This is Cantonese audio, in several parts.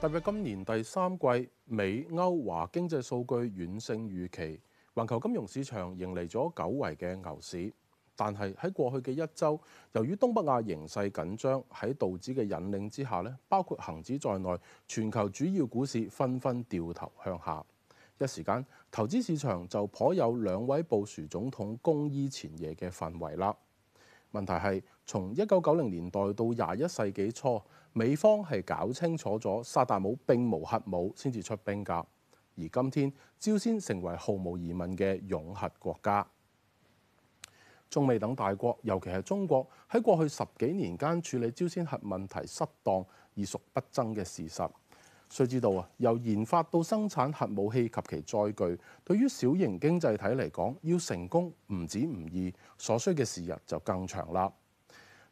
特別今年第三季，美歐華經濟數據遠勝預期，環球金融市場迎嚟咗久違嘅牛市。但係喺過去嘅一周，由於東北亞形勢緊張，喺道指嘅引領之下咧，包括恒指在內，全球主要股市紛紛掉頭向下，一時間投資市場就頗有兩位布殊總統攻伊前夜嘅氛圍啦。問題係，從一九九零年代到廿一世紀初。美方係搞清楚咗薩達姆並無核武先至出兵㗎，而今天朝鮮成為毫無疑問嘅擁核國家，仲未等大國，尤其係中國喺過去十幾年間處理朝鮮核問題失當，已屬不爭嘅事實。須知道啊，由研發到生產核武器及其載具，對於小型經濟體嚟講，要成功唔止唔易，所需嘅時日就更長啦。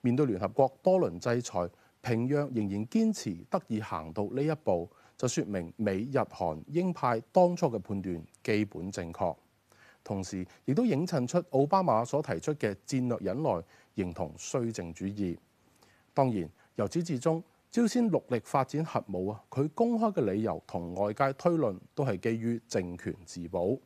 面對聯合國多輪制裁，平壤仍然堅持得以行到呢一步，就説明美日韓鷹派當初嘅判斷基本正確。同時，亦都映襯出奧巴馬所提出嘅戰略忍耐，形同綏靖主義。當然，由始至終，朝鮮陸力發展核武啊，佢公開嘅理由同外界推論都係基於政權自保。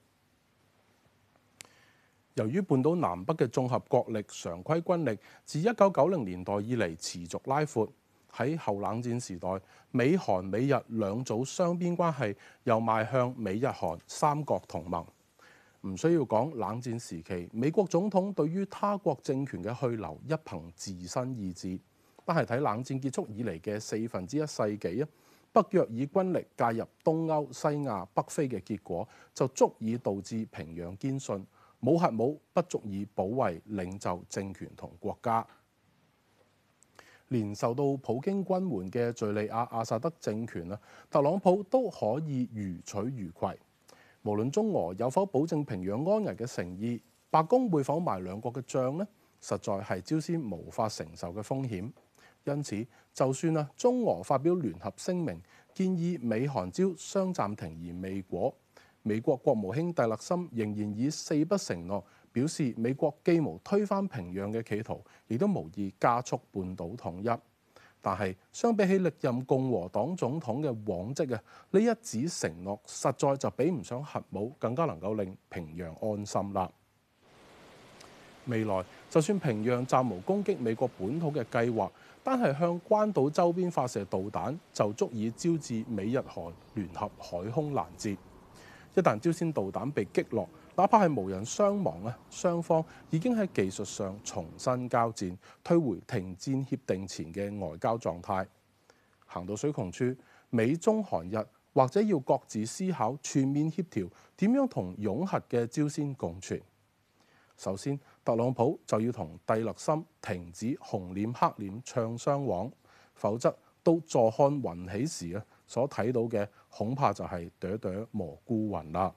由於半島南北嘅綜合國力、常規軍力，自一九九零年代以嚟持續拉闊。喺後冷戰時代，美韓美日兩組雙邊關係又邁向美日韓三國同盟。唔需要講冷戰時期美國總統對於他國政權嘅去留一憑自身意志，但係睇冷戰結束以嚟嘅四分之一世紀啊，北約以軍力介入東歐、西亞、北非嘅結果，就足以導致平壤堅信無核武不足以保衞領袖政權同國家，連受到普京軍援嘅敍利亞阿薩德政權啊，特朗普都可以如取如攜。無論中俄有否保證平壤安危嘅誠意，白宮會否賣兩國嘅帳呢？實在係朝鮮無法承受嘅風險。因此，就算啊中俄發表聯合聲明，建議美韓朝雙暫停而未果，美國國務卿蒂勒森仍然以四不承諾。表示美國既無推翻平壤嘅企圖，亦都無意加速半島統一。但係相比起歷任共和黨總統嘅往績啊，呢一紙承諾實在就比唔上核武更加能夠令平壤安心啦。未來就算平壤暫無攻擊美國本土嘅計劃，單係向關島周邊發射導彈就足以招致美日韓聯合海空攔截。一旦朝鮮導彈被擊落，哪怕係無人傷亡呢，雙方已經喺技術上重新交戰，推回停戰協定前嘅外交狀態。行到水窮處，美中韓日或者要各自思考全面協調點樣同擁核嘅朝鮮共存。首先，特朗普就要同蒂勒森停止紅臉黑臉唱雙簧，否則都坐看雲起時啊！所睇到嘅恐怕就係朵朵蘑菇雲啦。